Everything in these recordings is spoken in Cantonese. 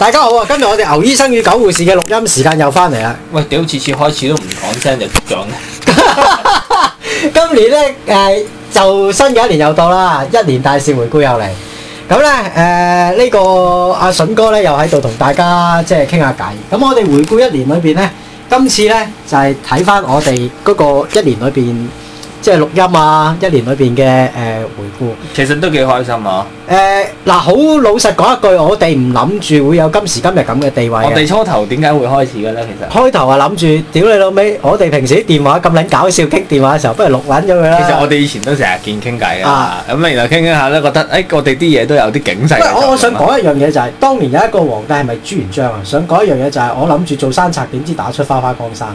大家好啊！今日我哋牛醫生與狗護士嘅錄音時間又翻嚟啦。喂，屌，次次開始都唔講聲就接獎 今年咧，誒、呃，就新嘅一年又到啦，一年大事回顧又嚟。咁咧，誒、呃，呢、這個阿筍哥咧又喺度同大家即係傾下偈。咁我哋回顧一年裏邊咧，今次咧就係睇翻我哋嗰個一年裏邊。即係錄音啊！一年裏邊嘅誒回顧，其實都幾開心啊！誒、呃、嗱，好老實講一句，我哋唔諗住會有今時今日咁嘅地位。我哋初頭點解會開始嘅咧？其實開頭啊諗住，屌你老味，我哋平時啲電話咁撚搞笑，傾電話嘅時候，不如錄撚咗佢啦。其實我哋以前都成日見傾偈嘅。咁咪又傾傾下咧，覺得誒、哎，我哋啲嘢都有啲警世。我我想講一樣嘢就係、是，當年有一個皇帝係咪朱元璋啊？想講一樣嘢就係、是，我諗住做山賊，點知打出花花江山。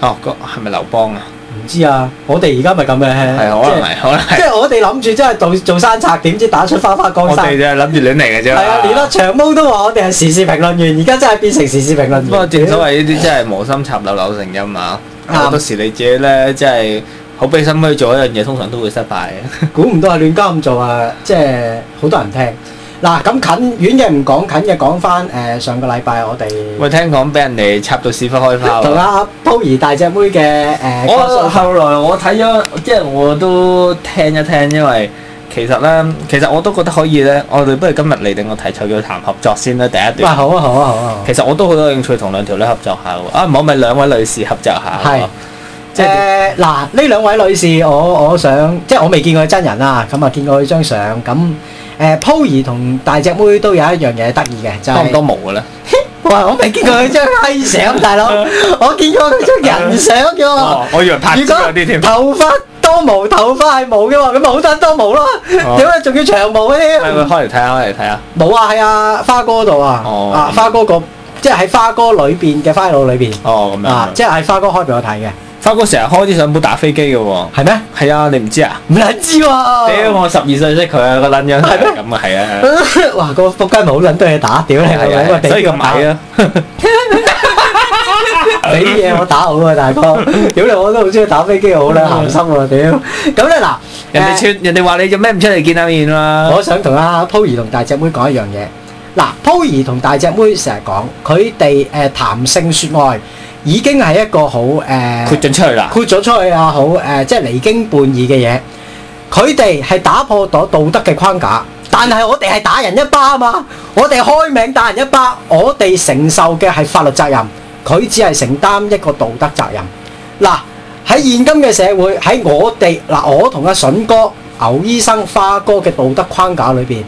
哦，個係咪劉邦啊？唔知啊！我哋而家咪咁樣。係可能，係可能，即係我哋諗住真係做做山賊，點知打出花花江山？我哋就諗住亂嚟嘅啫。係啊，連粒、啊、長毛都話我哋係時事評論員，而家真係變成時事評論員。不過正所謂呢啲真係無心插柳柳成蔭啊！好 多時候你自己咧，即係好悲心虛做一樣嘢，通常都會失敗。估唔到啊！亂交咁做啊！即係好多人聽。嗱，咁近遠嘅唔講近嘅，講翻誒上個禮拜我哋喂聽講俾人哋插到屎忽開花，同阿 Pui 大隻妹嘅誒、呃，我後來我睇咗、嗯，即係我都聽一聽，因為其實咧，其實我都覺得可以咧，我哋不如今日嚟定我提出叫談合作先啦，第一段、啊好啊好啊。好啊，好啊，好啊！其實我都好多興趣同兩條女合作下喎。啊唔好咪兩位女士合作下咯，即係嗱呢兩位女士，我我想即係我未見過佢真人啊，咁啊見過佢張相咁。誒，Poi 同大隻妹都有一樣嘢得意嘅，就多、係、唔多毛嘅咧？哇！我未見過佢張黑相， 大佬，我見過佢張人相嘅喎、 哦。我以為拍片嗰啲添。頭髮多毛，頭髮係毛嘅喎，咁咪好得多毛咯？點解仲要長毛添？開嚟睇下，開嚟睇下。冇啊，係啊，花哥度、哦、啊，啊花哥個即係喺花哥裏邊嘅花路裏邊啊，樣啊樣啊樣即係花哥開俾我睇嘅。花哥成日開啲上鋪打飛機嘅喎，係咩？係啊，你唔知啊？唔知喎，屌我十二歲識佢啊，個撚樣係咪咁啊？係啊！哇，個仆街冇撚都係打，屌，係咪咁啊？俾我打，俾嘢我打好啊！大哥，屌你我都好中意打飛機好啦，咸心喎屌！咁咧嗱，人哋串人哋話，你做咩唔出嚟見下面啊？我想同阿鋪兒同大隻妹講一樣嘢。嗱，鋪兒同大隻妹成日講，佢哋誒談性說愛。已經係一個好誒、呃，豁咗出去啦，豁咗出去又好、呃、即係離經叛義嘅嘢。佢哋係打破咗道德嘅框架，但係我哋係打人一巴啊嘛！我哋開名打人一巴，我哋承受嘅係法律責任，佢只係承擔一個道德責任。嗱，喺現今嘅社會，喺我哋嗱，我同阿筍哥、牛醫生、花哥嘅道德框架裏面，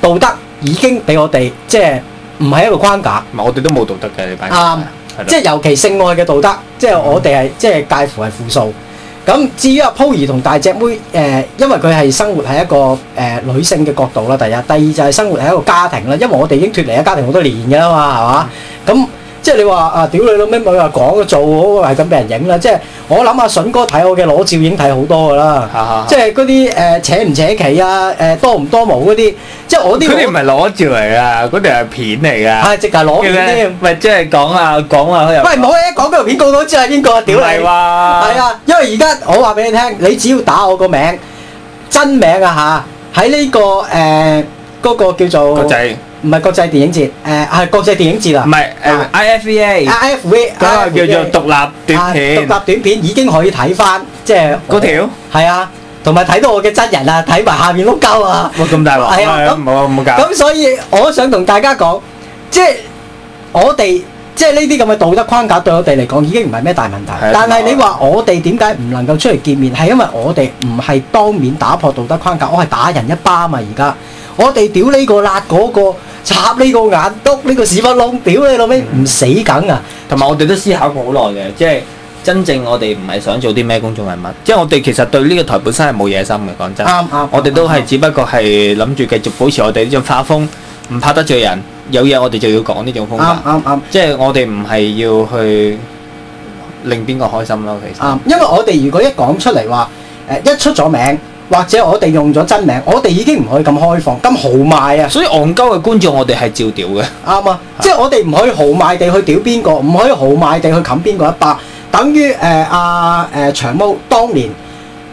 道德已經俾我哋即係唔係一個框架。唔係，我哋都冇道德嘅，你講。即、就、係、是、尤其性愛嘅道德，即、就、係、是、我哋係即係介乎係負數。咁至於阿 Po 兒同大隻妹，呃、因為佢係生活喺一個、呃、女性嘅角度啦。第一，第二就係生活喺一個家庭啦。因為我哋已經脱離咗家庭好多年㗎啦嘛，係嘛？咁、嗯。即係你話啊屌你老咩咪話講做嗰個係咁俾人影啦！即、就、係、是、我諗阿、啊、筍哥睇我嘅裸照已經睇好多噶啦，即係嗰啲扯唔扯旗啊、呃、多唔多毛嗰啲，即、就、係、是、我啲。嗰啲唔係裸照嚟噶，嗰啲係片嚟噶。係、啊、直頭裸片添。咪即係講下講下佢又。喂，唔好咧，講嗰條片，個個知係邊個屌你！係話、啊。係啊，因為而家我話俾你聽，你只要打我個名，真名啊吓，喺呢、這個誒嗰、呃那個叫做。個仔唔係國際電影節，誒、呃、係國際電影節啦、啊。唔係誒，IFVA。IFV、啊。嗰、e e e、叫做獨立短片、啊。獨立短片已經可以睇返，即係嗰條。係啊，同埋睇到我嘅真人啊，睇埋下面碌鳩啊。哇！咁大鑊啊！冇冇假。咁所以我想同大家講，即 係我哋即係呢啲咁嘅道德框架對我哋嚟講已經唔係咩大問題。係啊、但係你話我哋點解唔能夠出嚟見面？係、啊、因為我哋唔係當面打破道德框架，我係打人一巴嘛而家。我哋屌呢個辣嗰個插呢個眼篤呢個屎忽窿，屌你老味唔死梗啊！同埋我哋都思考過好耐嘅，即係真正我哋唔係想做啲咩公眾人物，即係我哋其實對呢個台本身係冇野心嘅，講真。啱啱。我哋都係只不過係諗住繼續保持我哋呢種畫風，唔怕得罪人，有嘢我哋就要講呢種風格。啱啱啱。即係我哋唔係要去令邊個開心咯，其實。啱，因為我哋如果一講出嚟話，誒一出咗名。或者我哋用咗真名，我哋已經唔可以咁開放咁豪邁啊！所以戇鳩嘅觀眾，我哋係照屌嘅，啱啊！即係我哋唔可以豪邁地去屌邊個，唔可以豪邁地去冚邊個一巴，等於誒阿誒長毛當年，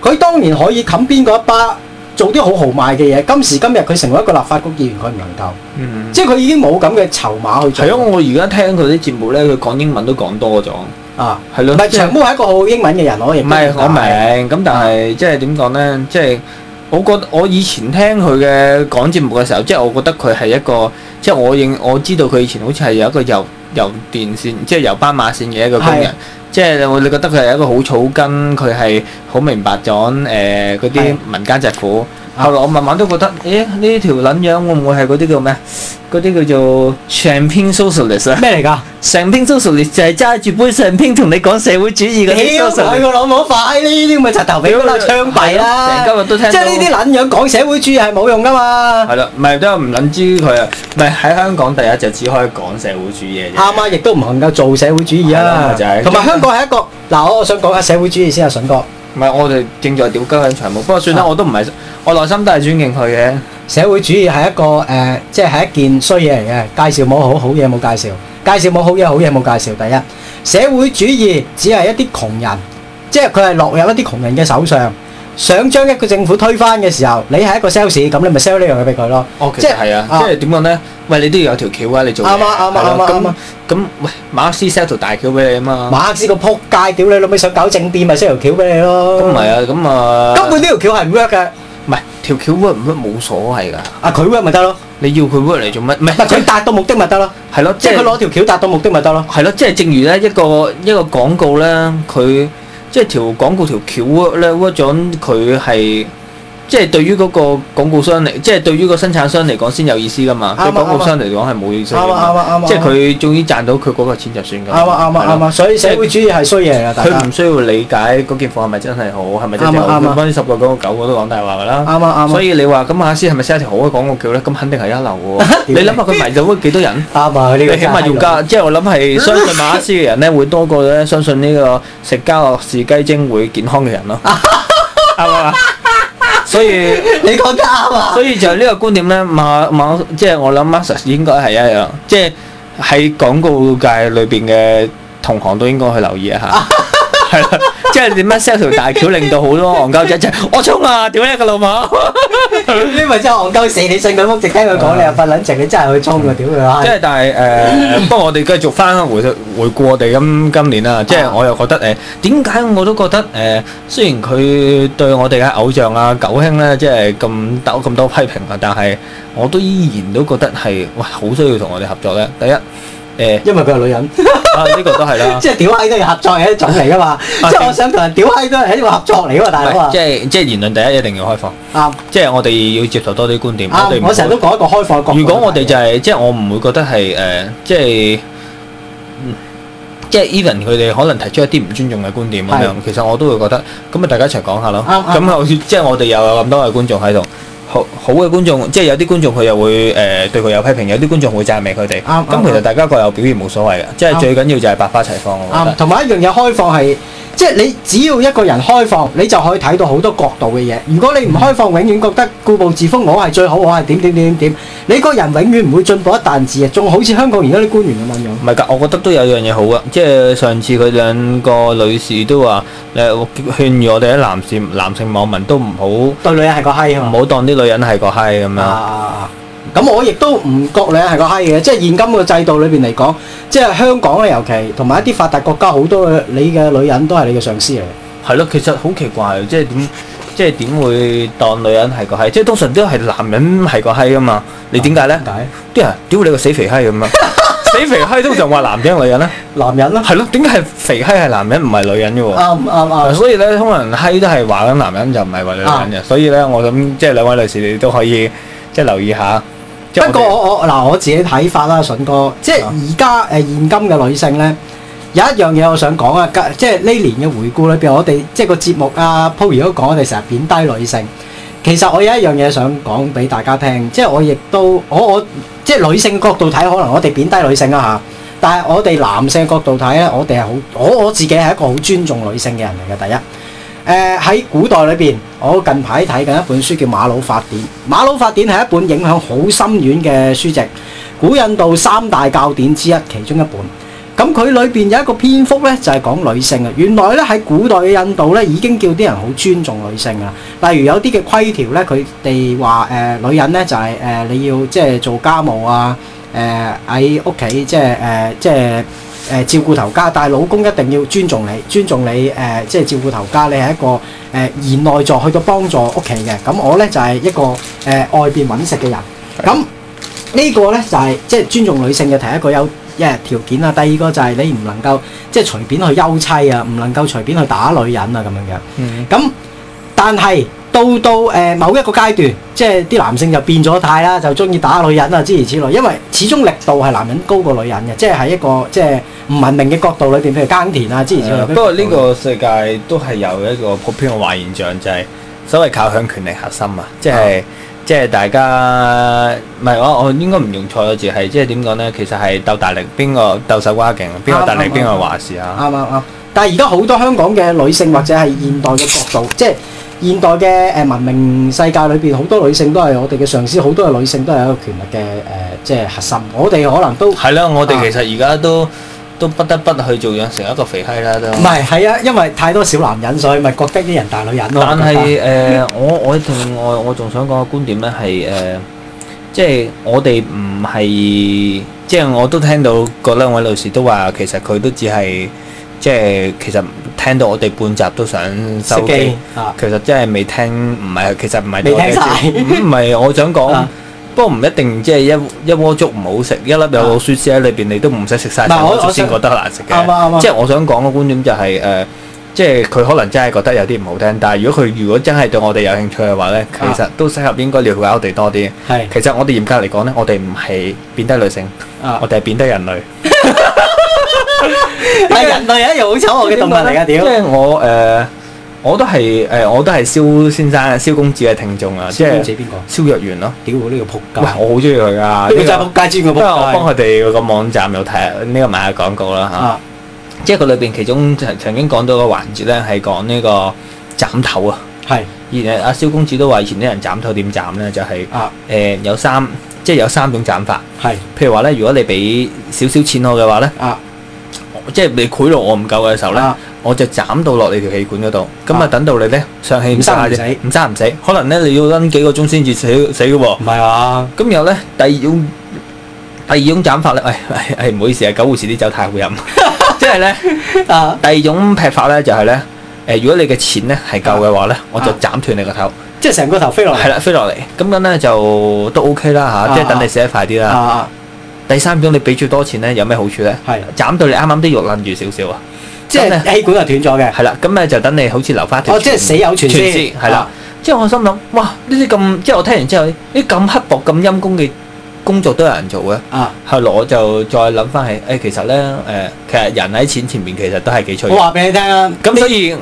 佢當年可以冚邊個一巴，做啲好豪邁嘅嘢，今時今日佢成為一個立法局議員，佢唔能夠，嗯，即係佢已經冇咁嘅籌碼去。除咗我而家聽佢啲節目咧，佢講英文都講多咗。啊，係咯，唔係長毛係一個好英文嘅人，我認唔係我明，咁但係即係點講咧？即係我覺得我以前聽佢嘅講節目嘅時候，即係我覺得佢係一個，即係我認我知道佢以前好似係有一個遊遊電線，嗯、即係由斑馬線嘅一個工人，係即係我你覺得佢係一個好草根，佢係好明白咗誒嗰啲民間疾苦。係。係、啊、咯，我慢慢都覺得，誒呢條撚樣會唔會係嗰啲叫咩？嗰啲叫做 Champion socialist 咩嚟㗎？Champion socialist 就係揸住杯上天同你講社會主義嘅啲 socialist。屌佢老母快！呢啲咪柒頭皮啦，哎、槍斃啦、啊！成今日都聽到，即係呢啲撚樣講社會主義係冇用㗎嘛？係啦，咪都係唔撚知佢啊！咪喺香港第一就只可以講社會主義嘢。啱啊，亦都唔能夠做社會主義啊，就係同埋香港係一個嗱、嗯，我我想講下社會主義先啊，筍哥。唔係，我哋正在屌跟緊財務。不過算啦，我都唔係，我內心都係尊敬佢嘅。社會主義係一個誒，即係係一件衰嘢嚟嘅。介紹冇好，好嘢冇介紹；介紹冇好嘢，好嘢冇介紹。第一，社會主義只係一啲窮人，即係佢係落入一啲窮人嘅手上。想將一個政府推翻嘅時候，你係一個 sales，咁你咪 sell 呢樣嘢俾佢咯。即係係啊，即係點樣咧？喂，你都要有條橋啊！你做啱啊！啱啊！啱啊！咁咁，喂，馬克思 sell 條大橋俾你啊嘛！馬克思個撲街屌你老味，想搞政變咪 sell 條橋俾你咯！咁唔係啊，咁啊，根本呢條橋係唔 work 嘅，唔係條橋 work 唔 work 冇所謂㗎。啊，佢 work 咪得咯？你要佢 work 嚟做乜？唔係佢達到目的咪得咯？係咯，即係佢攞條橋達到目的咪得咯？係咯，即係正如咧一個一個廣告咧，佢。即係條廣告條橋咧，屈咗佢係。即係對於嗰個廣告商嚟，即係對於個生產商嚟講先有意思噶嘛？對廣告商嚟講係冇意思嘅。啱啱啱。即係佢終於賺到佢嗰個錢就算㗎。啱啊啱啊啱所以社會主義係衰嘢啊！大家佢唔需要理解嗰件貨係咪真係好，係咪真係好？十個講個九個都講大話㗎啦。啱啱所以你話咁馬斯係咪寫條好嘅廣告橋呢？咁肯定係一流喎。 你諗下佢迷到幾多人？啱 啊！呢個起碼用家，即係我諗係相信馬斯嘅人呢，會多過相信呢個食家樂士雞精會健康嘅人咯。啱啊！ 所以你講得啱啊！所以就呢個觀點咧，馬馬即係我諗，阿 S 應該係一樣，即係喺廣告界裏邊嘅同行都應該去留意一下。 係 啦，即係你乜 sell 條大橋令到好多戇鳩仔即係我衝啊！屌你個老母！呢 咪真係戇鳩死！你信佢，一直聽佢講，你又發卵，直、啊、你真係去衝噶，屌佢啦！即、嗯、係但係誒、呃嗯，不過我哋繼續翻回回顧我哋咁今年啦即係我又覺得誒，點、啊、解我都覺得誒，雖然佢對我哋嘅偶像啊九兄咧，即係咁得咁多批評啊，但係我都依然都覺得係喂，好需要同我哋合作咧。第一。誒，因為佢係女人，呢個都係啦。即係屌閪都係合作嘅一種嚟噶嘛。即係我想同人屌閪都係一個合作嚟噶嘛，大佬啊。即係即係言論第一，一定要開放。啊，即係我哋要接受多啲觀點。啊，我成日都講一個開放嘅國。如果我哋就係即係我唔會覺得係誒，即係即係 Ethan 佢哋可能提出一啲唔尊重嘅觀點咁樣，其實我都會覺得咁咪，大家一齊講下咯。咁後，即係我哋又有咁多位觀眾喺度。好好嘅觀眾，即係有啲觀眾佢又會誒、呃、對佢有批評，有啲觀眾會讚美佢哋。啱、嗯、咁、嗯、其實大家各有表現冇所謂嘅、嗯，即係最緊要就係百花齊放咯。啱、嗯嗯，同埋一樣嘢開放係。即係你只要一個人開放，你就可以睇到好多角度嘅嘢。如果你唔開放，永遠覺得固步自封，我係最好，我係點點點點點。你個人永遠唔會進步一彈字，嘅，仲好似香港而家啲官員咁樣。唔係㗎，我覺得都有樣嘢好嘅，即係上次佢兩個女士都話誒勸喻我哋啲男士男性網民都唔好對女人係個閪，唔好當啲女人係個閪咁樣。咁、啊、我亦都唔覺女人係個閪嘅，即係現今個制度裏邊嚟講。即係香港咧，尤其同埋一啲發達國家，好多你嘅女人都係你嘅上司嚟嘅。係咯，其實好奇怪，即係點，即係點會當女人係個閪？即係通常都係男人係個閪噶嘛？你點解咧？點解？啲人屌你個死肥閪咁啊？ 死肥閪通常話男人定女人咧？男人咯、啊。係咯，點解係肥閪係男人唔係女人嘅喎？啱啱啱。所以咧，通常閪都係話緊男人，就唔係話女人嘅、嗯。所以咧，我諗即係兩位女士，你都可以即係留意一下。不過我我嗱我自己睇法啦，順哥，即係而家現今嘅女性咧，有一樣嘢我想講啊，即係呢年嘅回顧裏邊，我哋即係個節目啊，鋪如果講我哋成日貶低女性。其實我有一樣嘢想講俾大家聽，即係我亦都我我即係女性角度睇，可能我哋貶低女性啊嚇。但係我哋男性角度睇咧，我哋係好我我自己係一個好尊重女性嘅人嚟嘅，第一。誒喺古代裏邊，我近排睇緊一本書叫《馬魯法典》。《馬魯法典》係一本影響好深遠嘅書籍，古印度三大教典之一，其中一本。咁佢裏邊有一個篇幅咧，就係講女性啊。原來咧喺古代嘅印度咧，已經叫啲人好尊重女性啊。例如有啲嘅規條咧，佢哋話誒女人咧就係誒你要即係做家務啊，誒喺屋企即係誒即係。誒照顧頭家，但係老公一定要尊重你，尊重你誒，即、呃、係、就是、照顧頭家。你係一個誒賢內助去到幫助屋企嘅。咁我咧就係、是、一個誒、呃、外邊揾食嘅人。咁、這個、呢個咧就係即係尊重女性嘅。第一個有一條件啦，第二個就係你唔能夠即係隨便去休妻啊，唔能夠隨便去打女人啊咁樣嘅。咁、嗯、但係。到到誒某一個階段，即係啲男性就變咗態啦，就中意打女人啊，諸如此類。因為始終力度係男人高過女人嘅，即係喺一個即係唔文明嘅角度裏邊，譬如耕田啊，諸如此類。不過呢個世界都係有一個普遍嘅壞現象，就係、是、所謂靠向權力核心啊、就是，即係即係大家唔係我我應該唔用錯咗字係，即係點講呢？其實係鬥大力，邊個鬥手瓜勁，邊個大力，邊個話事啊？啱啱啱。但係而家好多香港嘅女性或者係現代嘅角度，即係現代嘅誒文明世界裏邊，好多女性都係我哋嘅上司，好多嘅女性都係一個權力嘅誒、呃，即係核心。我哋可能都係啦。我哋其實而家都、啊、都不得不去做養成一個肥閪啦。都唔係，係啊，因為太多小男人，所以咪覺得啲人大女人咯。但係誒，我、呃、我同我我仲想講嘅觀點咧係誒即係我哋唔係，即、就、係、是、我都聽到嗰兩位律師都話，其實佢都只係。即係其實聽到我哋半集都想收機、啊，其實真係未聽，唔係其實唔係未聽晒，唔係我想講，啊、不過唔一定即係一一鍋粥唔好食，啊、一粒有老鼠屎喺裏邊，你都唔使食晒成鍋粥先我覺得難食嘅、啊啊啊。即係我想講嘅觀點就係、是、誒、呃，即係佢可能真係覺得有啲唔好聽，但係如果佢如果真係對我哋有興趣嘅話咧，啊、其實都適合應該了解我哋多啲。啊、其實我哋嚴格嚟講咧，我哋唔係貶低女性，啊、我哋係貶低人類。啊 係 人類一樣好醜惡嘅動物嚟噶，屌！即係我誒，我都係誒，我都係蕭先生、蕭公子嘅聽眾啊。蕭公子邊個？蕭若元咯，屌！呢、這個仆街，我好中意佢噶。你就仆街轉個仆街，我幫佢哋個網站有睇呢個賣下廣告啦吓、啊啊。即係佢裏邊，其中曾經講到個環節咧，係講呢個斬頭啊。係而阿蕭公子都話，以前啲人斬頭點斬咧，就係、是、誒、啊呃、有三，即、就、係、是、有三種斬法係。譬如話咧，如果你俾少少錢我嘅話咧，啊。即係你賄賂我唔夠嘅時候咧、啊，我就斬到落你條氣管嗰度，咁啊就等到你咧上氣唔死唔生唔死，唔生唔死，可能咧你要拎幾個鐘先至死死嘅喎。唔係啊，咁然後咧第二種第二種斬法咧，唉、哎，哎哎、唔好意思啊，狗護士啲酒太好飲，即係咧啊。第二種劈法咧就係咧，誒，如果你嘅錢咧係夠嘅話咧、啊，我就斬斷你個頭，啊啊、即係成個頭飛落嚟。係啦，飛落嚟，咁樣咧就都 OK 啦吓、啊啊，即係等你死得快啲啦。啊啊第三種你俾最多錢咧，有咩好處咧？係，斬到你啱啱啲肉撚住少少啊，即係氣管就斷咗嘅。係啦，咁啊就等你好似留返條。哦，即係死有全屍係啦。即係我心諗，哇！呢啲咁，即係我聽完之後，呢啲咁刻薄、咁陰功嘅工作都有人做嘅。啊，後來我就再諗翻起，欸，其實咧，呃，其實人喺錢前面其實都係幾脆弱。我話俾你聽啊，咁所以。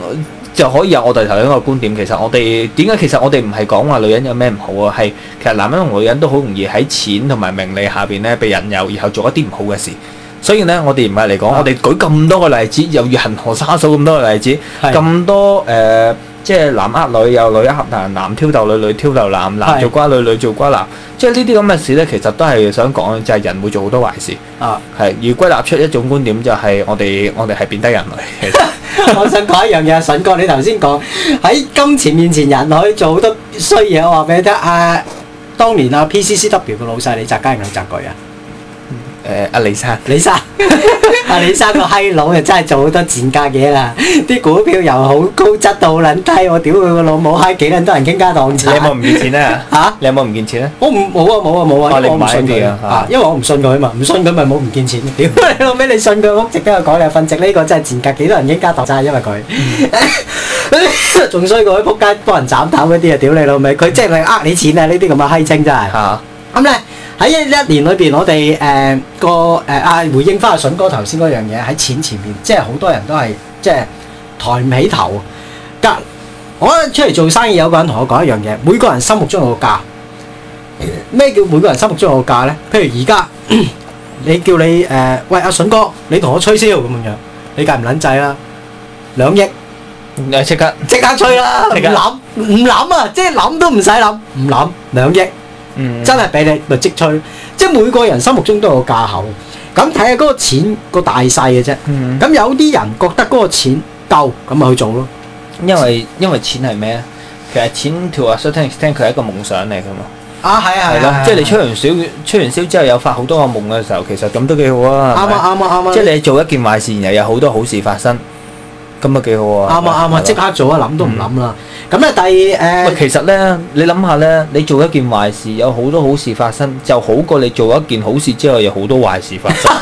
就可以有我哋頭先個觀點。其實我哋點解，其實我哋唔係講話女人有咩唔好啊？係，其實男人同女人都好容易喺錢同埋名利下邊咧被引誘，然後做一啲唔好嘅事。所以呢，我哋唔係嚟講，我哋舉咁多個例子，又如恆河沙數咁多個例子，咁多誒。呃即係男呃女，又女呃男，男挑逗女，女挑逗男，男做瓜女，女女做瓜男，即係呢啲咁嘅事咧，其實都係想講，就係人會做好多壞事啊。係，而歸納出一種觀點就，就係我哋我哋係貶低人類。 我想講一樣嘢，筍 哥，你頭先講喺金錢面前人、人類做好多衰嘢，話俾你聽。啊，當年啊 PCCW 嘅老細，你窒街定窒鬼啊？誒、啊、阿李生，李生，阿、啊、李生個閪佬又真係做好多賤格嘢啦！啲股票又好高質到撚低，我屌佢個老母閪，幾撚多人傾家蕩產？你有冇唔見錢啊？嚇！你有冇唔見錢咧？我唔冇啊冇啊冇啊，因為我唔信佢啊，因為我唔信佢啊，啊唔信佢嘛，唔信佢咪冇唔見錢。屌你老味，你信佢屋，值得我講你瞓值呢個真係賤格，幾多，多人傾家蕩產，因為佢仲衰過喺撲街幫人斬頭嗰啲啊！屌你老味，佢真係咪呃你錢啊！呢啲咁嘅閪清真係嚇咁咧。喺一一年裏邊，我哋誒個誒啊回應翻阿笋哥頭先嗰樣嘢喺錢前面，即係好多人都係即係抬唔起頭。隔我出嚟做生意有個人同我講一樣嘢，每個人心目中有個價。咩叫每個人心目中有個價咧？譬如而家你叫你誒喂阿笋哥，你同我吹銷咁樣樣，你計唔捻制啦，兩億，你即刻即刻吹啦，唔諗唔諗啊，即係諗都唔使諗，唔諗兩億。嗯、真係俾你咪積催，即係每個人心目中都有個價口，咁睇下嗰個錢個大細嘅啫。咁、嗯、有啲人覺得嗰個錢夠，咁咪去做咯。因為因為錢係咩咧？其實錢 to a certain extent 佢係一個夢想嚟噶嘛。啊，係啊係啊，即係、啊啊啊啊就是、你吹完燒吹完燒之後有發好多個夢嘅時候，其實咁都幾好啊。啱啊啱啊啱啊！即係、就是、你做一件壞事，然後有好多好事發生。咁啊，幾好啊！啱啊，啱啊，即刻做啊，諗都唔諗啦。咁、嗯、咧，第二、呃，其實咧，你諗下咧，你做一件壞事，有好多好事發生，就好過你做一件好事之後，有好多壞事發生。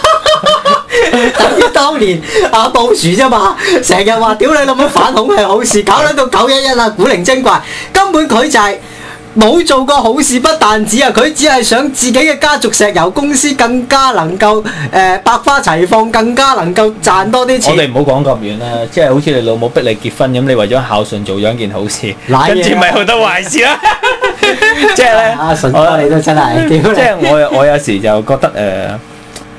等於當年阿布殊啫嘛，成日話屌你老母反恐係好事，搞兩到九一一啦，古靈精怪，根本佢就係、是。冇做過好事，不但止啊！佢只係想自己嘅家族石油公司更加能夠誒、呃、百花齊放，更加能夠賺多啲錢。我哋唔、就是、好講咁遠啦，即係好似你老母逼你結婚咁，你為咗孝順做咗一件好事，事啊、跟住咪好多壞事啦、啊。即係咧，阿、 啊、順哥你都真係，即係我我有時就覺得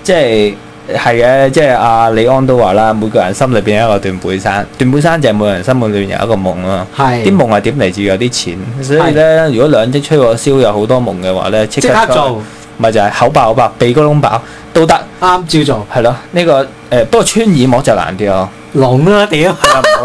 即係。呃就是係嘅，即係阿李安都話啦，每個人心裏邊有一個斷背山，斷背山就係每個人心裏邊有一個夢啊。係，啲夢係點嚟？自有啲錢，所以咧，的如果兩隻吹火燒有好多夢嘅話咧，即刻，刻做不是、就是，咪就係口爆口爆，鼻哥窿爆都得，啱照做，係咯，呢個。誒、欸，不過穿耳膜就難啲咯，聾啦屌，啊，唔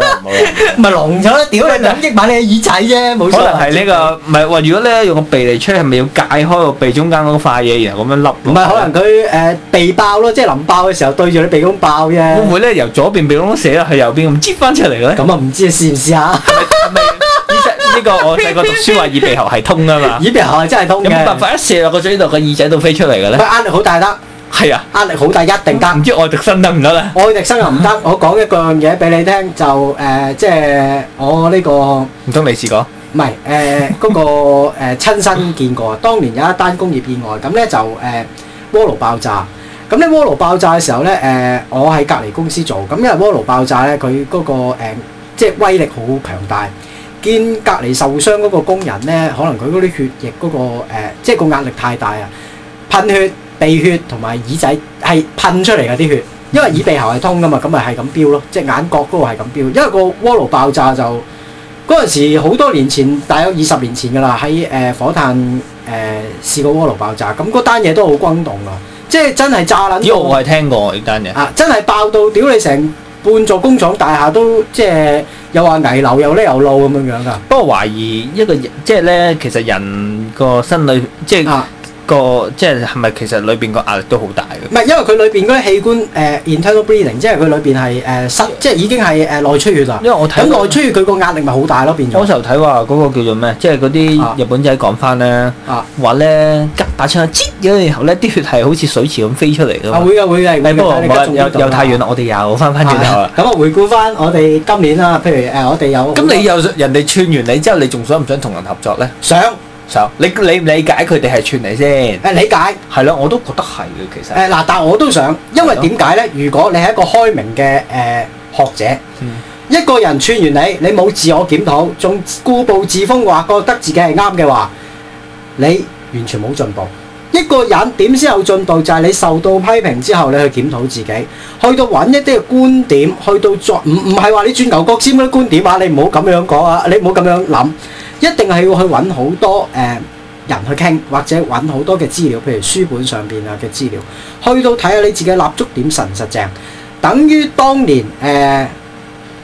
好好唔唔係聾咗啦屌，你兩益埋你嘅耳仔啫，冇 錯。可能係呢、這個唔係話，如果咧用個鼻嚟吹，係咪要解開個鼻中間嗰塊嘢，然後咁樣甩？唔係，可能佢誒、呃、鼻爆咯，即係臨爆嘅時候對住你鼻窿爆啫。會唔會咧由左邊鼻窿射落去右邊咁接翻出嚟咧？咁啊唔知，試唔試下？呢 個我細個讀書話耳鼻喉係通噶嘛？耳鼻喉，耳鼻喉真係通嘅、嗯嗯。有冇辦法一射落個嘴度個耳仔都飛出嚟嘅咧？佢壓力好大得。係啊，壓力好大，一定得。唔知愛迪生得唔得咧？愛迪生又唔得。我講一樣嘢俾你聽，就誒，即係我呢個唔通未試過？唔係誒，嗰個誒親身見過啊！當年有一單工業意外，咁咧就誒鍋爐爆炸。咁咧鍋爐爆炸嘅時候咧，誒我喺隔離公司做。咁因為鍋爐爆炸咧，佢嗰個誒即係威力好強大，見隔離受傷嗰個工人咧，可能佢嗰啲血液嗰個誒，即係個壓力太大啊，噴血。鼻血同埋耳仔係噴出嚟嘅啲血，因為耳鼻喉係通㗎嘛，咁咪係咁飚咯。隻、即係、眼角嗰度係咁飚，因為個鍋爐爆炸就嗰陣時好多年前，大約二十年前㗎啦。喺、呃、火炭、呃、試過鍋爐爆炸，咁嗰單嘢都好轟動㗎，即係真係炸爛。呢我係聽過呢單嘢啊！真係爆到屌你成半座工廠大廈都，即係又話危樓又呢又漏咁樣㗎。不過懷疑一個即係咧，其實人個心理即個即係係咪其實裏邊個壓力都好大嘅？唔係，因為佢裏邊嗰啲器官誒 internal bleeding 即係佢裏邊係誒失，即係、呃、已經係誒內出血啦。因為我睇咁內出血佢個壓力咪好大咯，變咗。嗰時候睇話嗰個叫做咩，即係嗰啲日本仔講翻咧，話咧打槍啊，擠，然後咧啲血係好似水池咁飛出嚟㗎嘛。會嘅會嘅。不過唔又太遠啦、啊，我哋又翻翻轉頭咁啊，回，回，我回顧翻我哋今年啦，譬如誒，我哋有咁你又人哋串完你之後，你仲想唔想同人合作咧？想。上，你理唔理解佢哋係串嚟先？誒，理解，係咯，我都覺得係嘅，其實。誒嗱，但係我都想，因為點解咧？如果你係一個開明嘅誒學者，一個人串完你，你冇自我檢討，仲固步自封，話覺得自己係啱嘅話，你完全冇進步。一個人點先有進步？就係你受到批評之後，你去檢討自己，去到揾一啲嘅觀點，去到作唔唔係話你轉牛角尖嗰啲觀點啊？你唔好咁樣講啊！你唔好咁樣諗。一定係要去揾好多、呃、人去傾，或者揾好多嘅資料，譬如書本上面啊嘅資料，去到睇下你自己立足點實唔實正。等於當年誒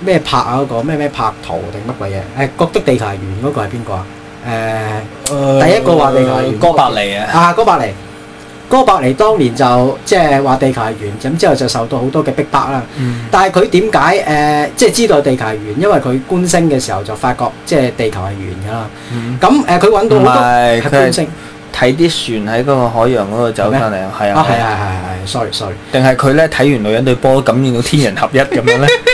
咩拍啊嗰個咩咩拍圖定乜鬼嘢？誒、呃，覺得地球係圓嗰個係邊個啊？誒、呃呃，第一個話地球圓，哥白尼啊，啊，哥白尼。哥白尼當年就即係話地球係圓，咁之後就受到好多嘅逼迫啦。嗯、但係佢點解誒，即係知道地球係圓？因為佢觀星嘅時候就發覺，即係地球係圓噶啦。咁、嗯、誒，佢、呃、揾到好多係觀星，睇啲船喺嗰個海洋嗰度走翻嚟啊。係啊係啊係係係，sorry sorry。定係佢咧睇完女人對波，感染到天人合一咁樣咧？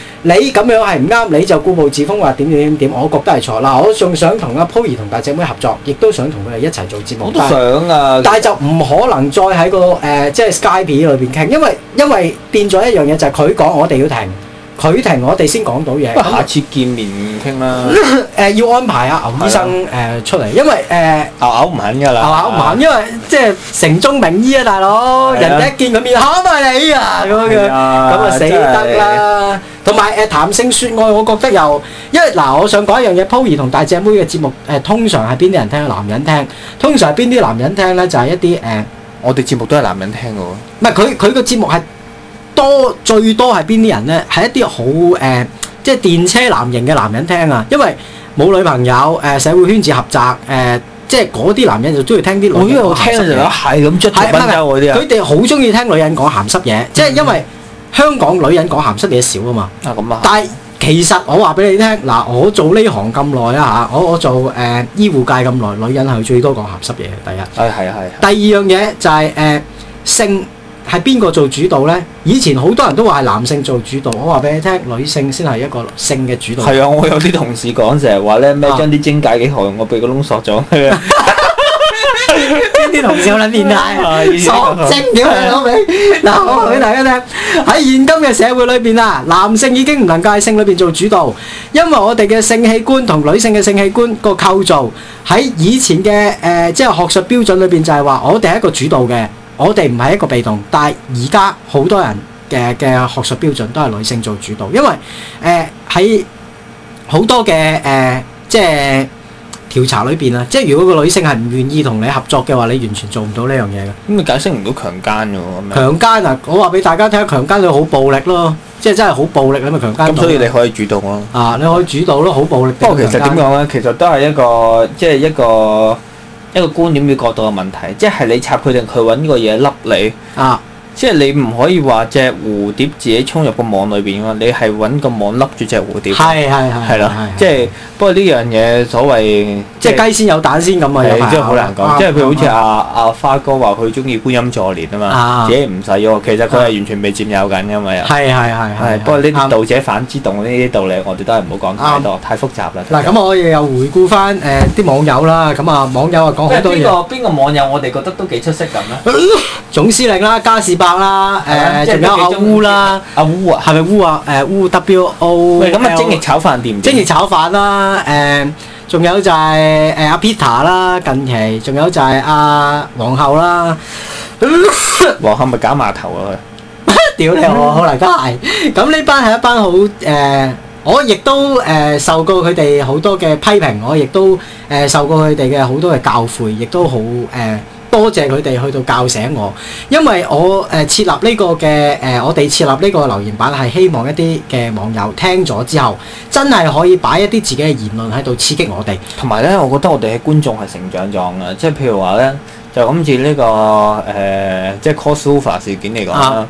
你咁樣係唔啱，你就固步自封話點點點點，我覺得係錯。嗱，我仲想同阿鋪兒同大姐妹合作，亦都想同佢哋一齊做節目。我都想啊，但係就唔可能再喺、那個、呃、即係 Skype 裏面傾，因為因為變咗一樣嘢就係佢講，我哋要停。佢停，我哋先講到嘢。不如下次見面傾啦。誒要安排阿牛醫生誒出嚟，因為誒牛牛唔肯噶啦。牛牛唔肯，因為即係城中名醫啊，大佬。人哋一見佢面嚇埋你啊，咁樣嘅。咁啊死得啦！同埋誒談性説愛，我覺得又因為嗱，我想講一樣嘢。鋪兒同大姐妹嘅節目誒，通常係邊啲人聽？男人聽。通常係邊啲男人聽咧？就係一啲誒。我哋節目都係男人聽嘅喎。唔係佢佢個節目係。多最多係邊啲人呢？係一啲好誒，即係電車男型嘅男人聽啊，因為冇女朋友誒、呃，社會圈子狹窄誒，即係嗰啲男人就中意聽啲鹹濕嘢。咁着緊佢哋好中意聽女人講鹹濕嘢，即係因為香港女人講鹹濕嘢少啊嘛。咁、嗯、啊！但係其實我話俾你聽，嗱，我做呢行咁耐啦吓，我我做誒、呃、醫護界咁耐，女人係最多講鹹濕嘢。第一。係、哎、係。第二樣嘢就係、是、誒、呃、性。係邊個做主導呢？以前好多人都話係男性做主導，我話俾你聽，女性先係一個性嘅主導，導。係啊，我有啲同事講成日話呢咩將啲精解嘅用、啊 嗯 嗯嗯？我俾個窿索咗。啲同事諗變態，索精點啊？嗱，我話俾大家聽，喺現今嘅社會裏邊啊，男性已經唔能夠喺性裏邊做主導，因為我哋嘅性器官同女性嘅性器官個構造，喺以前嘅誒、呃，即係學術標準裏邊就係話我哋係一個主導嘅。我哋唔係一個被動，但係而家好多人嘅嘅學術標準都係女性做主導，因為誒喺好多嘅誒、呃、即係調查裏邊啊，即係如果個女性係唔願意同你合作嘅話，你完全做唔到呢樣嘢嘅。咁咪解釋唔到強奸嘅。強奸啊！我話俾大家聽，強奸佢好暴力咯，即係真係好暴力咁咪強奸。咁所以你可以主導咯，啊。啊，你可以主導咯，好暴力。不過其實點講咧，其實都係一個即係一個。就是一個一個觀點與角度嘅問題，即係你插佢定佢揾個嘢笠你啊。即係你唔可以話隻蝴蝶自己衝入個網裏邊㗎，你係揾個網笠住隻蝴蝶。係係係係啦，即係不過呢樣嘢所謂即係雞先有蛋先咁嘅嘢，真係好難講。即係譬如好似阿阿花哥話佢中意觀音坐蓮啊嘛，自己唔使喎，其實佢係完全未佔有緊㗎嘛。係係係係。不過呢道者反之動呢啲道理，我哋都係唔好講太多，太複雜啦。嗱，咁我哋又回顧翻誒啲網友啦，咁啊網友啊講好多嘢。邊個邊個網友我哋覺得都幾出色咁咧？總司令啦，加士。白啦，誒，仲有阿烏啦，阿烏啊，係咪烏啊？誒，烏 W O，喂，咁啊，蒸熱炒飯掂唔掂？蒸熱炒飯啦，誒，仲有就係誒阿 Peter 啦，近期，仲有就係阿皇后啦。皇后咪搞碼頭啊！屌你我好難解。咁呢班係一班好誒，我亦都誒受過佢哋好多嘅批評，我亦都誒受過佢哋嘅好多嘅教誨，亦都好誒。多謝佢哋去到教醒我，因為我、呃、設立呢個嘅、呃、我哋設立呢個留言板係希望一啲嘅網友聽咗之後，真係可以擺一啲自己嘅言論喺度刺激我哋。同埋咧，我覺得我哋嘅觀眾係成長狀嘅，即係譬如話咧，就諗住呢個、呃、即係 cosover 事件嚟講啦，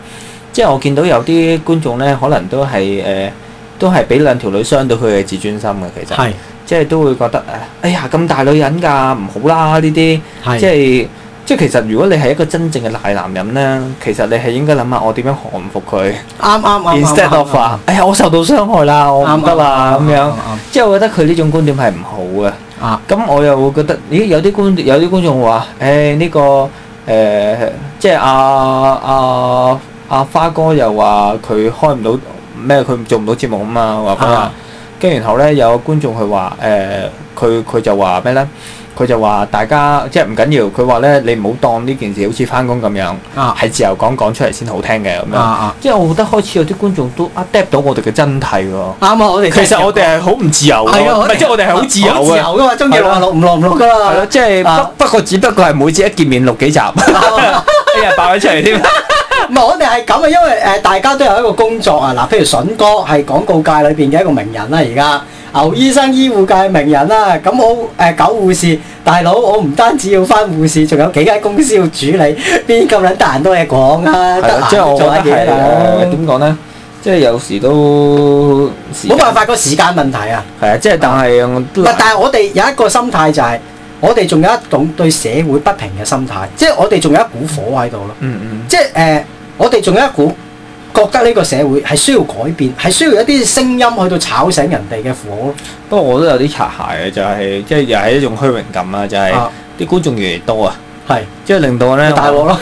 即係我見到有啲觀眾咧，可能都係、呃、都係俾兩條女傷到佢嘅自尊心嘅，其實係即係都會覺得、呃、哎呀咁大女人㗎，唔好啦呢啲，即係。即係其實，如果你係一個真正嘅大男人咧，其實你係應該諗下我點樣降服佢。啱啱啱 Instead of 啊，哎呀，我受到傷害啦，我唔得啦咁樣。即係我覺得佢呢種觀點係唔好嘅。啊。咁我又會覺得，咦？有啲觀有啲觀眾話，誒呢個誒，即係阿阿阿花哥又話佢開唔到咩，佢做唔到節目啊嘛，話佢啊。跟然後咧，有個觀眾佢話誒，佢佢就話咩咧？佢就話：大家即係唔緊要，佢話咧，你唔好當呢件事好似翻工咁樣，係、啊、自由講講出嚟先好聽嘅咁樣。啊啊、即係我覺得開始有啲觀眾都 adapt 到我哋嘅真體喎。啱啊，我哋其實我哋係好唔自由㗎。唔係即係我哋係好自由嘅。自由嘅嘛，中意錄唔錄唔錄㗎啦。即係、就是不，啊、不過只不過係每次一見面錄幾集，一、啊、日、 哎、爆咗出嚟添。唔 係我哋係咁啊，因為、呃、大家都有一個工作啊。嗱、呃，譬如筍哥係廣告界裏面嘅一個名人啦，而家。牛醫生醫護界名人啦、啊，咁我誒狗、呃、護士大佬，我唔單止要翻護士，仲有幾間公司要處理，邊咁撚大人都嘢講啊？即閒、啊就是、我做嘢啦。點講咧？即係、就是、有時都冇辦法，個時間問題啊。啊，即係但係我但係我哋有一個心態就係、是，我哋仲有一種對社會不平嘅心態，即、就、係、是、我哋仲有一股火喺度咯。嗯嗯。即、就、係、是呃、我哋仲有一股。覺得呢個社會係需要改變，係需要一啲聲音去到炒醒人哋嘅火咯。不過我都有啲擦鞋嘅，就係即係又係一種虛榮感、就係、啊！係就係啲觀眾越嚟越多啊，係即係令到呢我咧大鑊咯。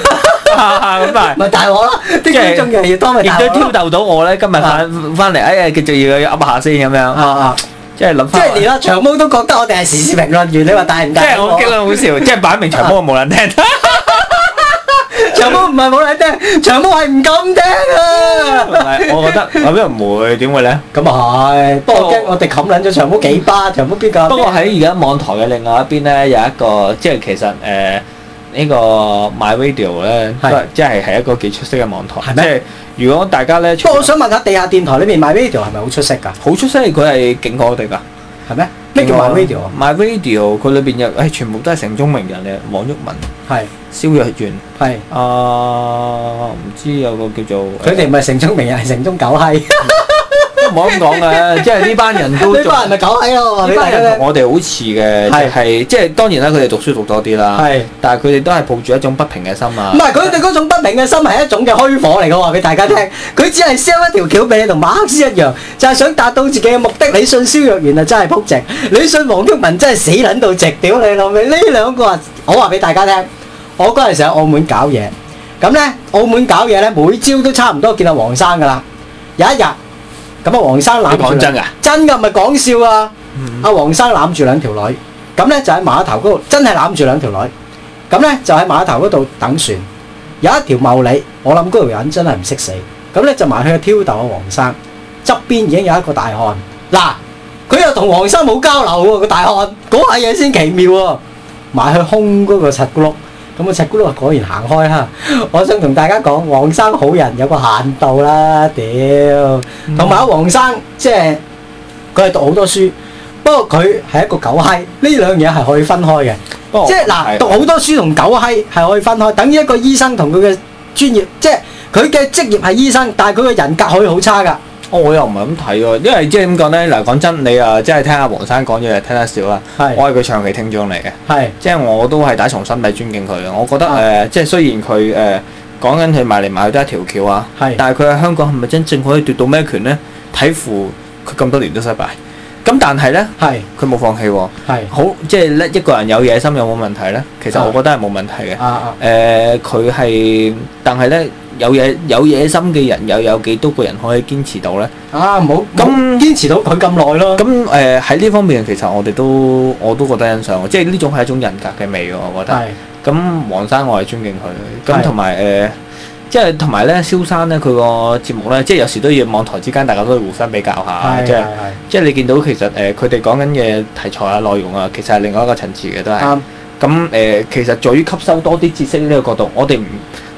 咁咪大鑊咯！啲、就係、觀眾越嚟越多不，咪挑逗到我咧。今日翻翻嚟，哎呀，繼續要噏下先咁樣。即係諗翻。即係連長毛都覺得我哋係時事評論員，你話大唔大，人大人？即、就、係、係、我覺得好笑，即係擺明長毛冇人聽。啊 長毛唔係冇嚟聽，長毛係唔敢聽啊！唔、嗯、係，我覺得咁又唔會，點會咧？咁啊係，多驚我哋冚捻咗長毛幾巴，長毛邊個？不過喺而家網台嘅另外一邊咧，有一個即係其實誒、呃、這個、呢個 My Radio 咧，即係係一個幾出色嘅網台。係咩？如果大家咧，不過我想問下，地下電台裏邊 My Radio 係咪好出色噶？好出色的，佢係勁過我哋噶。係咩？咩叫 my video, my video 佢裏邊有，誒、哎、全部都係城中名人嘅。王玉民，係，肖若元，係啊，唔知道有個叫做，佢哋唔係城中名人，係、呃、城中狗閪。 唔好咁講嘅，即係呢班人都呢 班人咪搞閪囉！呢班人同我哋好似嘅、係、係，即係當然啦，佢哋讀書讀多啲啦。係，但係佢哋都係抱住一種不平嘅心啊！唔係佢哋嗰種不平嘅心係一種嘅虛火嚟嘅話俾大家聽。佢 只係燒一條橋俾你同馬克思一樣，就係、是、想達到自己嘅目的。你信蕭若元啊，真係撲直，你信黃毓民真係死撚到直屌你老味。呢兩個人，我話俾大家聽，我嗰陣時喺澳門搞嘢，咁咧澳門搞嘢咧，每朝都差唔多見到黃生噶啦。有一日。咁啊，黃生攬住真噶，真噶唔係講笑啊！阿、嗯、黃生攬住兩條女，咁咧就喺碼頭嗰度，真係攬住兩條女。咁咧就喺碼頭嗰度等船，有一條茂利，我諗嗰條人真係唔識死。咁咧就埋去挑逗阿黃生，側邊已經有一個大漢，嗱，佢又同黃生冇交流喎。個大漢嗰下嘢先奇妙喎、啊，埋去空嗰個七咕碌咁啊，赤孤啊，果然行開吓，我想同大家講，黃生好人有個限度啦，屌。同埋阿黃生，即係佢係讀好多書，不過佢係一個狗閪，呢兩樣嘢係可以分開嘅。即係嗱，讀好多書同狗閪係可以分開，等於一個醫生同佢嘅專業，即係佢嘅職業係醫生，但係佢嘅人格可以好差㗎。哦，我又唔係咁睇喎，因為即係點講呢？嗱，講真，你啊，即係聽阿黃生講嘢，聽得少啊。我係佢長期聽眾嚟嘅。即係我都係打從心底尊敬佢嘅。我覺得誒，呃，即係雖然佢誒講緊佢賣嚟賣去都一條橋啊。但係佢喺香港係咪真正可以奪到咩權呢？睇乎佢咁多年都失敗。咁但係呢，佢冇放棄喎，哦，好即係呢。一個人有野心有冇問題呢？其實我覺得係冇問題嘅。誒、啊，佢、呃、係，但係呢，有野有野心嘅人，有有幾多個人可以堅持到呢？啊，冇咁堅持到佢咁耐咯。咁誒喺呢方面，其實我哋都我都覺得欣賞，即係呢種係一種人格嘅味喎。我覺得。係。咁黃生，我係尊敬佢咁，同埋誒即係同埋咧，蕭生咧，佢個節目咧，即係有時都要網台之間，大家都要互相比較下，即係即係你見到其實佢哋講緊嘅題材啊、內容啊，其實係另外一個層次嘅都係咁、嗯呃、其實在於吸收多啲知識呢個角度，我哋唔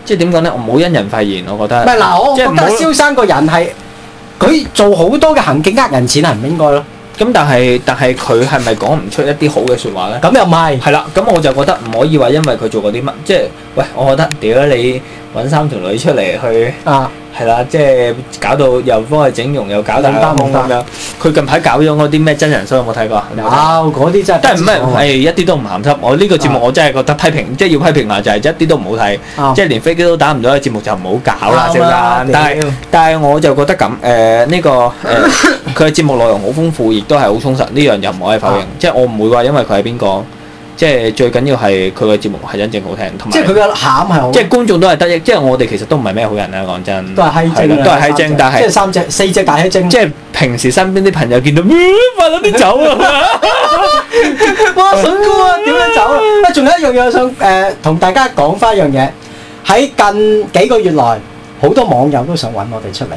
即係點講咧？我唔好因人廢言，我覺得唔係嗱，我覺得蕭生個人係佢做好多嘅行徑，呃人錢係唔應該咯。咁但係但係佢係咪講唔出一啲好嘅説話咧？咁又唔係係啦。咁我就覺得唔可以話，因為佢做過啲乜，即係喂，我覺得屌你！揾三條女出嚟去啊，係啦，即、就、係、是、搞到又幫佢整容，又搞大咁樣。佢、嗯嗯嗯嗯嗯嗯、近排搞咗嗰啲咩真人 show 有冇睇過？嗰啲、哦、真係。但係唔係一啲都唔鹹濕。我呢個節目我真係覺得批評，即、啊、係、就是、要批評埋就係一啲都唔好睇。即、哦、係、就是、連飛機都打唔到嘅節目就唔好搞啦，知、嗯、唔但係、嗯、但我就覺得咁呢、呃呢個佢嘅、呃、 節目內容好豐富，亦都係好充實。呢樣又唔可以否認。即、啊、係、就是、我唔會話因為佢係邊個。即、就、係、是、最緊要係佢個節目係真正好聽，同埋即係佢個餡係好。即係觀眾都係得益，即、就、係、是、我哋其實都唔係咩好人呀。講真。都係欺精，都係欺精。但係即係三隻、四隻大欺精。即係平時身邊啲朋友見到，嗯、呃，發咗啲酒啊 哇，哇，筍哥啊，點 樣走啊？仲有一樣嘢想同、呃、大家講翻一樣嘢。喺近幾個月來，好多網友都想搵我哋出嚟。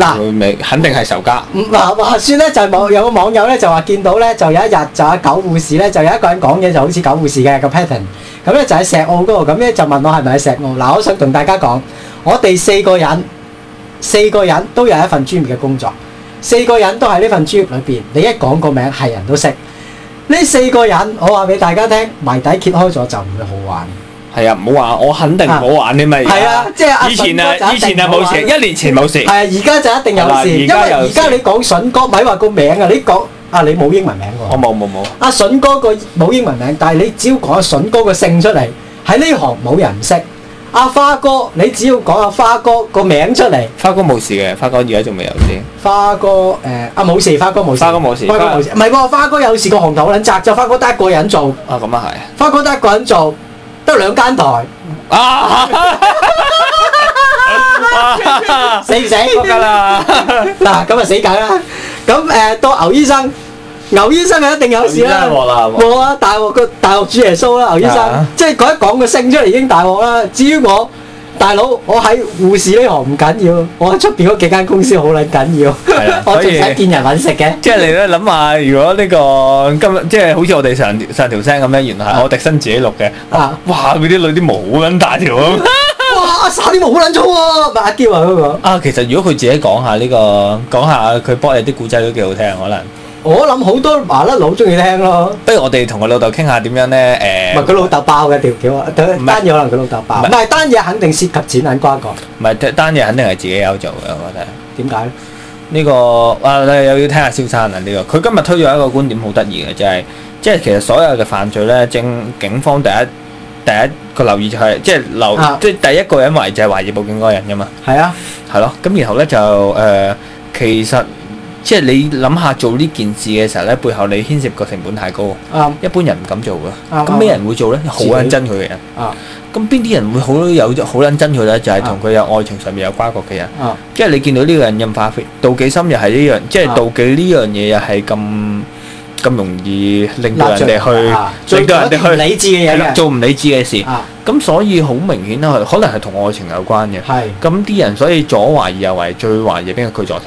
嗱，肯定係仇家。話話説咧，就係網有個網友咧就話見到咧，就有一日就阿狗護士咧，就有一個人講嘢就好似狗護士嘅個 pattern。咁咧就喺石澳嗰度，咁咧就問我係咪喺石澳？嗱，我想同大家講，我哋四個人，四個人都有一份專業嘅工作，四個人都喺呢份專業裏邊。你一講個名，係人都識。呢四個人，我話俾大家聽，謎底揭開咗就唔會好玩。係啊，唔好話我肯定唔好玩啲咪？係啊，即係阿。以前啊，以前啊冇事，一年前冇事。係啊而家就一定有事，因為而家你講笋哥咪話個名啊？你講啊，你冇英文名噶。我冇冇冇。阿笋哥個冇英文名，但係你只要講阿笋哥個姓出嚟，喺呢行冇人唔識。阿花哥，你只要講阿花哥個名出嚟，花哥冇事嘅，花哥而家仲未有事。花哥誒，啊冇事，花哥冇事。花哥冇事，花哥冇事，唔係喎，花哥有事個紅頭捻扎就花哥得一個人做。啊，咁啊係。花哥得一個人做。得兩間台啊！ 四啊就死唔死、嗯？嗱，咁啊死梗啦！咁到牛醫生，牛醫生係一定有事啦。過啦，冇啊！大鑊個大鑊煮耶穌啦，牛醫生，醫生嗯、即係講一講個聲出嚟已經大鑊啦。至於我。大佬，我喺護士呢行唔緊要， 我喺出邊嗰幾間公司好撚緊要，係啦，我仲使見人揾食嘅。即係、就是、你咧諗下，如果呢、這個今日即係好似我哋成成條聲咁咧，原來我迪生自己錄嘅啊，啊，哇！佢啲女啲毛好撚大條， 哇！生啲毛好撚粗喎，阿嬌啊嗰、啊那個。啊，其實如果佢自己講下呢個，講下佢幫你啲故仔都幾好聽可能。我諗好多麻甩佬好中意聽咯。不如我哋同佢老豆傾下點樣咧？誒，唔係佢老豆爆嘅條橋，單嘢可能佢老豆爆。唔係單嘢肯定涉及錢銀瓜葛。唔係單嘢肯定係自己有做嘅，我覺得，點解咧？呢、這個啊，你又要聽下蕭生啦？呢、這個佢今日推咗一個觀點，好得意嘅，就係、是、即係其實所有嘅犯罪咧，正警方第一第一個留意就係、是、即係留即係、啊、第一個認為就係懷疑報警嗰個人噶嘛。係啊，係咯。咁然後咧就誒、呃，其實。即係你諗下做呢件事嘅時候咧，背後你牽涉個成本太高，一般人唔敢做噶。咁咩人會做咧？好捻憎佢嘅人。咁邊啲人會好有好捻憎佢咧？就係同佢有愛情上面有瓜葛嘅人。即係你見到呢個人任化飛，妒忌心又係呢樣，即係妒忌呢樣嘢，又係咁咁容易令到人哋去，令到人哋去理智嘅嘢，做唔理智嘅事。咁所以好明顯啦，可能係同愛情有關嘅。係咁啲人，所以左懷疑右懷疑，最懷疑邊個佢助手。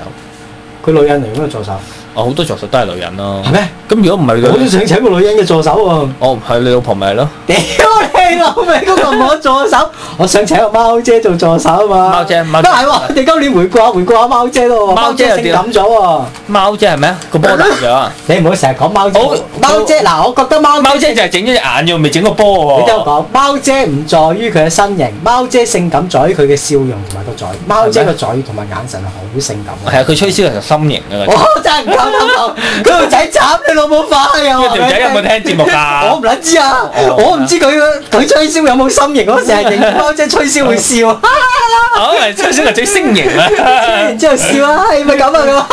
佢女人嚟咁嘅助手，我、哦、好多助手都係女人咯、啊。係咩？咁如果唔係，我都想請個女人嘅助手喎、啊。哦，係，你老婆咪係咯。屌！ 你老味嗰個冇助手，我想請個貓姐做助手嘛。貓姐，唔係喎，你今年回顧下，回顧下貓姐咯喎。貓姐又性感咗喎。貓姐係咩啊？個波大咗啊！你唔好成日講貓姐。貓姐嗱，我覺得貓貓姐就係整咗隻眼，仲未整個波。你聽我講，貓姐唔在於佢嘅身形，貓姐性感在於佢嘅笑容同埋個嘴。貓姐個嘴同埋眼神係好性感。係啊，佢吹簫係心形啊。我真係唔夠膽講，嗰條仔慘，你老母快啊！嗰條仔有冇聽節目噶？我唔捻知啊，我唔知佢。佢吹簫有冇心形？我成日影貓姐吹簫會笑。 的啊，咪吹簫就最星型啦，然之後笑是是啊，係咪咁啊？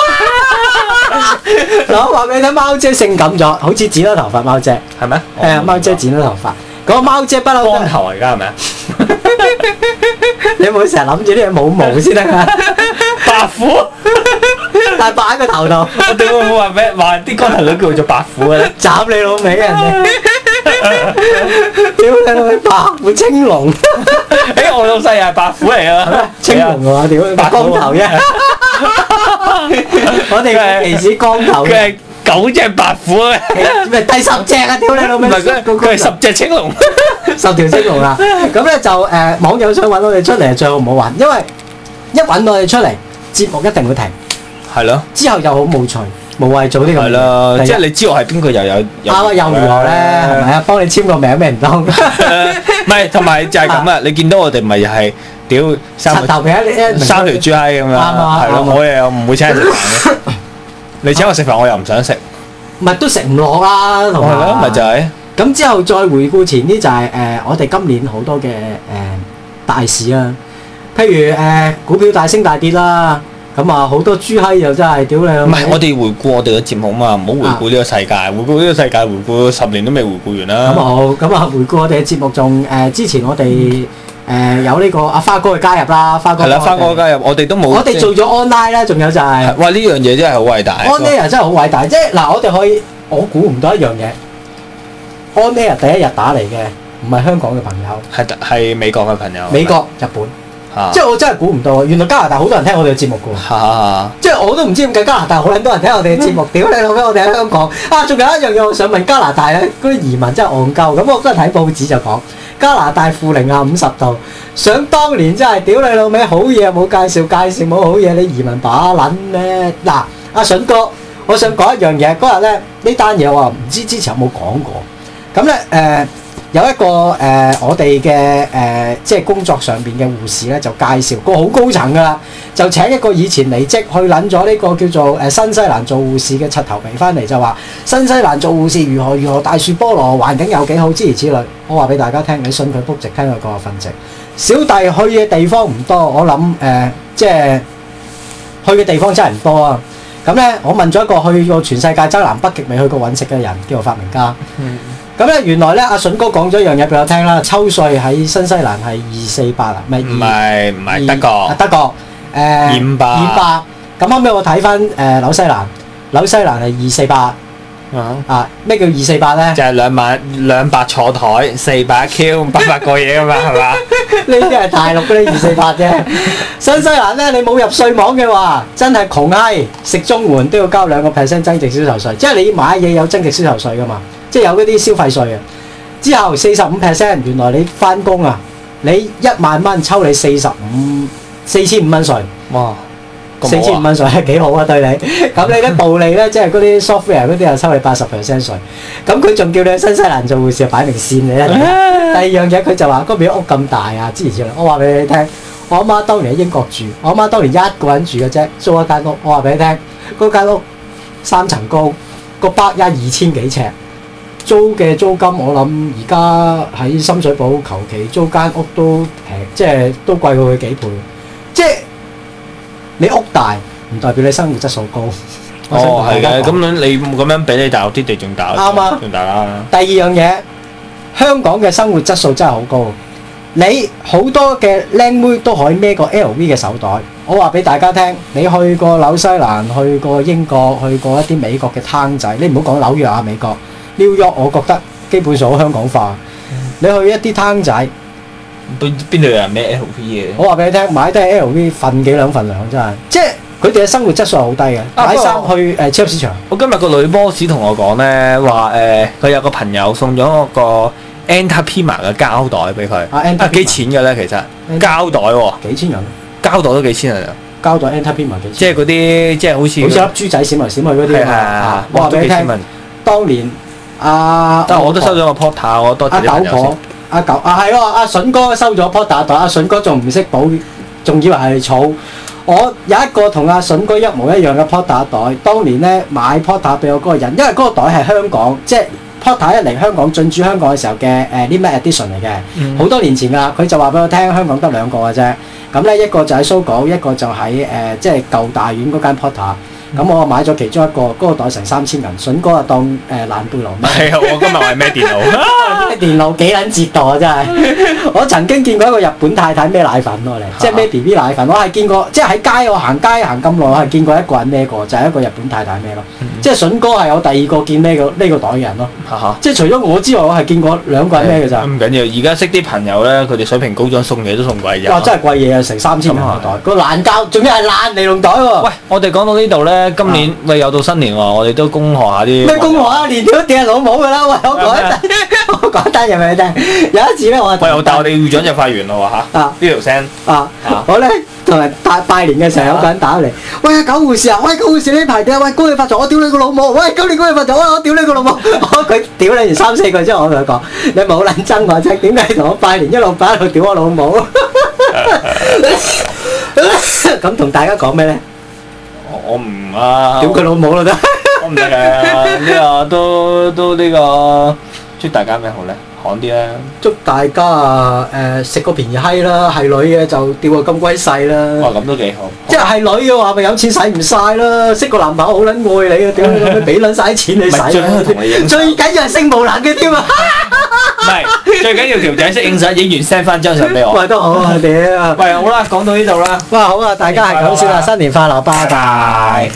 嗱，我話俾你睇，貓姐性感咗，好似剪咗頭髮，貓姐係咩？係啊， 貓姐剪咗頭髮。嗰、那個貓姐不嬲光頭而家係咪？ 你唔好成日諗住啲嘢冇毛先得啊！ 白虎，但 白喺個頭度，我點會話俾話啲光頭佬叫做白虎咧？斬你老味、啊、人哋！屌你老味，白虎青龍。哎，我老細又係白虎嚟啊，青龍啊，屌你光頭耶！我哋棋子光頭，佢係九隻白虎咧，咩？第十隻啊，屌你老味！唔係嗰個，係十隻青龍，十條青龍啊！咁咧就誒，網友想揾我哋出嚟，最好唔好玩，因為一揾我哋出嚟，節目一定會停，係咯。之後又好冇趣。冇謂做呢個，係咯，即係你知我係邊個又有，啱啊又如何咧？同埋啊，幫你簽個名咩唔當？唔係，同埋就係咁啊！你見到我哋咪又係屌三頭皮一三條豬閪咁樣，係咯，我又有唔會請你食飯嘅。你請我食飯，我又唔想食，唔係都食唔落啦，同埋咪就係。咁之後再回顧前啲就係誒，我哋今年好多嘅誒大市啊，譬如誒股票大升大跌啦。咁啊，好多豬閪又真係屌你！唔係，我哋回顧我哋嘅節目啊嘛，唔好回顧呢個、啊、個世界，回顧呢個世界，回顧十年都未回顧完啦。咁啊好，咁啊回顧我哋嘅節目，仲、呃、之前我哋、嗯呃、有呢、這個阿、啊、花哥嘅加入啦，花哥。係啦，花哥加入，我哋都冇。我哋做咗 online 啦，仲有就係、是。哇！呢樣嘢真係好偉大。online 真係好偉大，即係嗱、啊，我哋可以，我估唔到一樣嘢。online 第一日打嚟嘅，唔係香港嘅朋友，係美國嘅朋友，美國、是是日本。啊、即係我真係估唔到，原來加拿大好多人聽我哋嘅節目噶、啊，即係我都唔知點解加拿大好多人聽我哋嘅節目，屌你老味，我哋喺香港啊！仲有一樣嘢，我想問加拿大咧，嗰啲移民真係戇鳩，咁我今日睇報紙就講加拿大負零下五十度，想當年真係屌你老味，好嘢冇介紹，介紹冇好嘢，你移民把捻呢？嗱、啊，阿笋哥，我想講一樣嘢，嗰日咧呢單嘢我話唔知之前有冇講過，咁咧誒。呃有一個誒、呃，我哋嘅誒，即係工作上面嘅護士咧，就介紹個好高層噶啦，就請一個以前離職去撚咗呢個叫做、呃、新西蘭做護士嘅柒頭皮翻嚟，就話新西蘭做護士如何如何大樹菠蘿環境有幾好之如此類。我話俾大家聽，你信佢 b o 聽到籍佢個份籍。小弟去嘅地方唔多，我諗誒、呃，即係去嘅地方真係唔多啊。咁咧，我問咗一個去過全世界周南北極未去過搵食嘅人，叫做發明家。嗯咁咧，原來咧，阿、啊、筍哥講咗一樣嘢俾我聽啦。抽稅喺新西蘭係二四八啊，唔係唔係德國，啊、德國誒二五八。二五八。咁後尾我睇翻誒紐西蘭，紐西蘭係二四八啊。咩、啊、叫二四八咧？就係、是、兩萬兩百坐台，四百 Q，八百個嘢啊嘛，係 嘛？呢啲係大陸嗰啲二四八啫。 新西蘭咧，你冇入稅網嘅話，真係窮翳，食中援都要交兩個 percent 增值銷售稅，即係你買嘢有增值銷售稅噶嘛。即係有嗰啲消費稅啊！之後四十五 percent，原來你返工啊，你一萬蚊抽你四十五四千五蚊稅哇，四千五蚊稅係幾好啊？對你咁 你啲暴利咧，即係嗰啲 software 嗰啲又抽你八十 percent 稅，咁佢仲叫你喺新西蘭做護士，擺明跣你啊！ 第二樣嘢佢就話嗰邊屋咁大啊！之前我話俾你聽，我阿媽當年喺英國住，我阿媽當年一個人住嘅啫，租一間屋。我話俾你聽，嗰間屋三層高，個北一二千幾尺。租嘅租金，我諗而家喺深水埗，求其租間屋都平，即係都貴過佢幾倍。即係你屋大，唔代表你生活質素高。哦，係嘅，咁你咁樣比你大陸啲地仲大。啱啊，仲大啦。第二樣嘢，香港嘅生活質素真係好高。你好多嘅靚妹都可以孭個 LV 嘅手袋。我話俾大家聽，你去過紐西蘭，去過英國，去過一啲美國嘅攤仔，你唔好講紐約啊，美國。我覺得基本上好香港化。嗯、你去一啲攤仔，邊邊度有人咩 LV 嘅？我話俾你聽，買低 LV 份幾兩份糧，真係。即係佢哋嘅生活質素係好低嘅、啊。買衫去誒超級市場。我今日個女 boss 同我講咧，話誒佢有個朋友送咗個 Anteprima 嘅膠袋俾佢。啊，幾、啊、錢㗎咧？其實膠袋喎、哦，幾千銀？膠袋都幾千銀。膠袋 Anteprima 幾，幾？即係嗰啲即係好似好似粒珠仔閃嚟閃，閃去嗰啲、啊啊、我話俾你，告訴你聽，當年。阿、啊，但我都收咗個 p o r t e r 我多啲、啊。阿狗婆，阿、啊、九，啊係喎，阿、啊啊、筍哥收咗 p o r t e r 袋，阿、啊、筍哥仲唔識補，仲以為係草。我有一個同阿筍哥一模一樣嘅 p o r t e r 袋，當年咧買 p o r t e r 俾我嗰個人，因為嗰個袋係香港，即係 p o r t e r 一嚟香港進駐香港嘅時候嘅誒啲咩 Edition 嚟嘅，好、嗯、多年前啦、啊。佢就話俾我聽，香港得兩個嘅啫。咁咧一個就喺蘇港，一個就喺即係舊大院嗰間 p o r t e r。咁、嗯、我買咗其中一個，嗰、那個袋成三千銀。筍哥啊當誒爛杯羅。係 啊、嗯，我今日話咩電腦？咩 電腦幾撚折墮啊？真係！ 我曾經見過一個日本太太咩奶粉咯，即係咩 BB 奶粉？我係見過，即係喺街我行街行咁耐，我係見過一個人咩過，就係、是、一個日本太太咩咯。即、嗯、係、就是、筍哥係我第二個見咩、這、呢、個這個袋嘅人咯。即 係除咗我之外，我係見過兩個人咩嘅咋？唔緊要，而家識啲朋友咧，佢哋水平高咗，送嘢都送貴嘢、哦。真係貴嘢啊，成三千銀個袋。嗯那個爛膠仲要係爛尼龍袋喎。喂，我哋講到呢度咧。今年、啊、喂又到新年喎，我哋都恭賀下啲。咩恭賀啊？年年都屌阿老母噶啦！喂，我講一單，我講一單俾你聽。有一次咧，我喂，我係我哋會長就發完啦喎嚇。啊，呢條聲。啊，我咧，同埋拜拜年嘅時候有個人打嚟，喂，狗護士啊，喂，狗護士呢排點啊？喂，恭喜發財，我屌你個老母！喂，今年恭喜發財，我屌你個老母！ 我佢屌你連三四句之後，我同佢講， 你唔好撚憎我。」即係點解同我拜年一路拜一路屌我老母？咁 同、啊啊啊、 大家講咩咧？我唔，啊，屌佢老母啦、 這個、都，我唔嚟啊！呢個都都呢個祝大家咩好咧？講啲啦，祝大家啊，誒食個便宜閪啦，係女嘅就釣個咁鬼細啦。哇，咁都幾好。即係女嘅話，咪有錢使唔晒啦，識個男朋友好捻愛你啊，點樣咁樣俾捻晒啲錢你使啦。最緊要同你嘢。最緊要係性無能嘅添啊。唔係，最緊要條仔識影相，影完 send 翻張相俾我。喂，都好啊，屌。喂，好啦，講到呢度啦，哇，好啊，大家係咁先啦，新年快樂，拜拜。